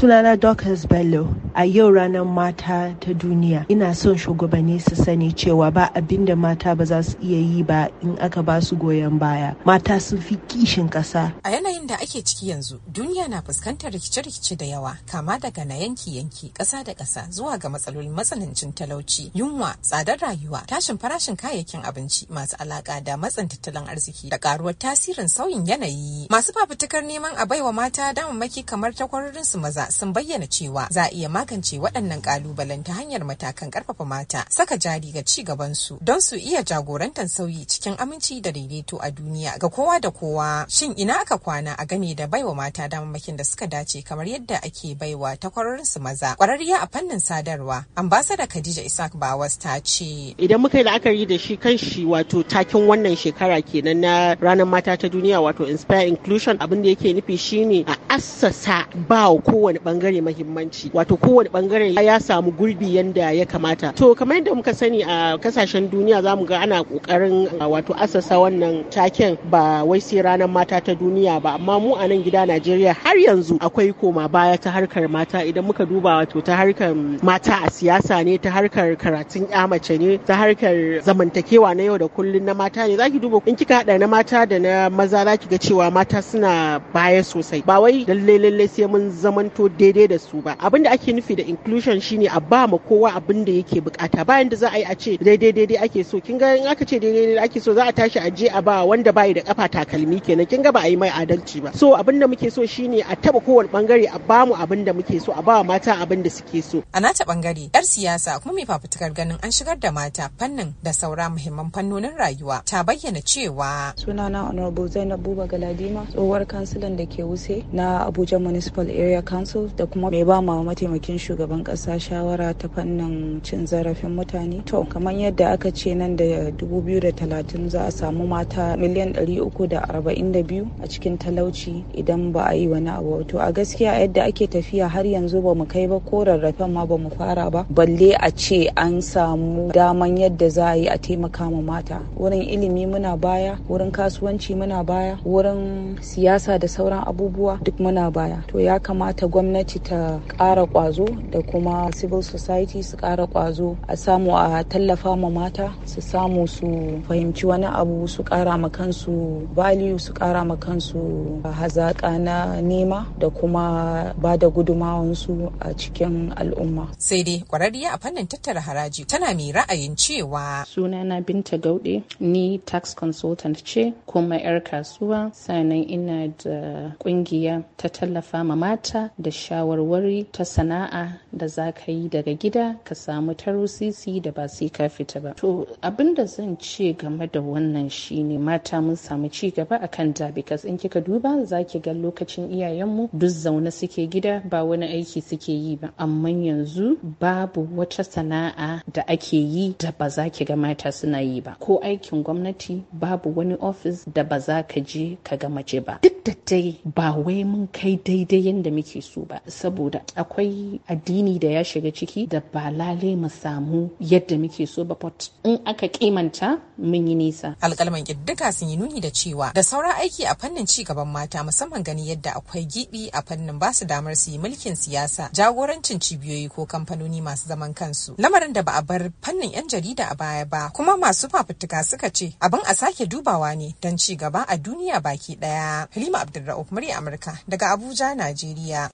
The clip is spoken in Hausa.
Sulala Dockers Bello. a yau ranar mata ta duniya ina son shugabanni su sani cewa ba abin da mata ba za su iya yi ba in aka ba su goyon baya mata sun fi kishin kasa a yanayin da ake ciki yanzu duniya na fuskantar rikice-rikice da yawa kama daga na yanki-yanki ƙasa da ƙasa zuwa ga matsalolin matsanancin talauci yunwa tsadar rayuwa tashin farashin kayayyakin abinci masu alaƙa da matsin tattalin arziki da karuwar tasirin sauyin yanayi masu fafutukar neman a baiwa mata damammaki kamar takwarorinsu maza sun bayyana cewa za a iya magance waɗannan ƙalubalen ta hanyar matakan ƙarfafa mata saka jari ga ci gabansu don su iya jagorantar sauyi cikin aminci da daidaito a duniya ga kowa da kowa shin ina aka kwana a game da baiwa mata damammakin da suka dace kamar yadda ake baiwa ta takwarorinsu maza ƙwararriya a fannin sadarwa da khadija isaac bawas ta ce idan muka yi la'akari da shi kan shi wato takin wannan shekara kenan na ranar mata ta duniya wato inspire inclusion abin da yake nufi shine a assasa ba kowane bangare mahimmanci wato kowane bangare ya samu gurbi yanda ya kamata to kamar yadda muka sani a kasashen duniya za mu ga ana kokarin wato asasa wannan taken ba wai sai ranar mata ta duniya ba amma mu a nan gida najeriya har yanzu akwai koma baya ta harkar mata idan muka duba wato ta harkar mata a siyasa ne ta harkar karatun ya mace ne ta harkar zamantakewa na yau da kullun na mata ne zaki duba in kika hada na mata da na maza zaki ga cewa mata suna baya sosai ba wai lalle lalle sai mun zamanto daidai da su ba abinda ake nufi da inclusion shine a ba ma kowa abin da yake bukata bayan da za a yi a ce daidai daidai ake so kin ga in aka ce daidai daidai ake so za a tashi a je a ba wanda bai da kafa takalmi kenan kin ga ba a yi mai adalci ba so abin da muke so shine a taba kowane bangare a ba mu abin da muke so a ba mata abin da suke so a nata bangare yar siyasa kuma mai fafutukar ganin an shigar da mata fannin da saura muhimman fannonin rayuwa ta bayyana cewa sunana honorable Zainab Buba Galadima tsohuwar kansilan da ke wuse na Abuja Municipal Area Council da kuma mai ba ma mataimaki ofishin shugaban kasa shawara ta fannin cin zarafin mutane to kamar yadda aka ce nan da 2030 za a samu mata miliyan 342 a cikin talauci idan ba a yi wani abu to a gaskiya yadda ake tafiya har yanzu ba mu kai ba ko rarrafen ma ba mu fara ba balle a ce an samu daman yadda za a yi a taimaka ma mata wurin ilimi muna baya wurin kasuwanci muna baya wurin siyasa da sauran abubuwa duk muna baya to ya kamata gwamnati ta kara ƙwazo kwazo da kuma civil society su ƙara ƙwazo a samu a tallafa ma mata su samu su fahimci wani abu su ƙara ma kansu value su ƙara ma kansu hazaƙa na nema da kuma ba da gudumawansu a cikin al'umma. Sai dai kwararriya a fannin tattara haraji tana mai ra'ayin cewa. Sunana Binta Gaude ni tax consultant ce kuma 'yar kasuwa sannan ina da kungiya ta tallafa ma mata da shawarwari ta sana'a uh da za ka yi daga gida ka samu taro sisi da ba sai ka fita ba to abin da zan ce game da wannan shine mata mun samu ci gaba akan kan because in kika duba za ki ga lokacin iyayenmu duk zaune suke gida ba wani aiki suke yi ba amma yanzu babu wata sana'a da ake yi da ba za ki ga mata suna yi ba ko aikin gwamnati babu wani ofis da ba za ka je ka ga mace ba duk da dai ba wai mun kai daidai yadda muke so ba saboda akwai addini addini da ya shiga ciki da ba lalai mu samu yadda muke so ba in aka kimanta mun yi nisa. Alƙalman ƙiddika sun yi nuni da cewa da sauran aiki a fannin ci gaban mata musamman gani yadda akwai gibi a fannin ba su damar su yi mulkin siyasa jagorancin cibiyoyi ko kamfanoni masu zaman kansu. Lamarin da ba a bar fannin 'yan jarida a baya ba kuma masu fafutuka suka ce abin a sake dubawa ne don ci gaba a duniya baki daya. Halima Abdulra'uf murya Amurka daga Abuja, Najeriya.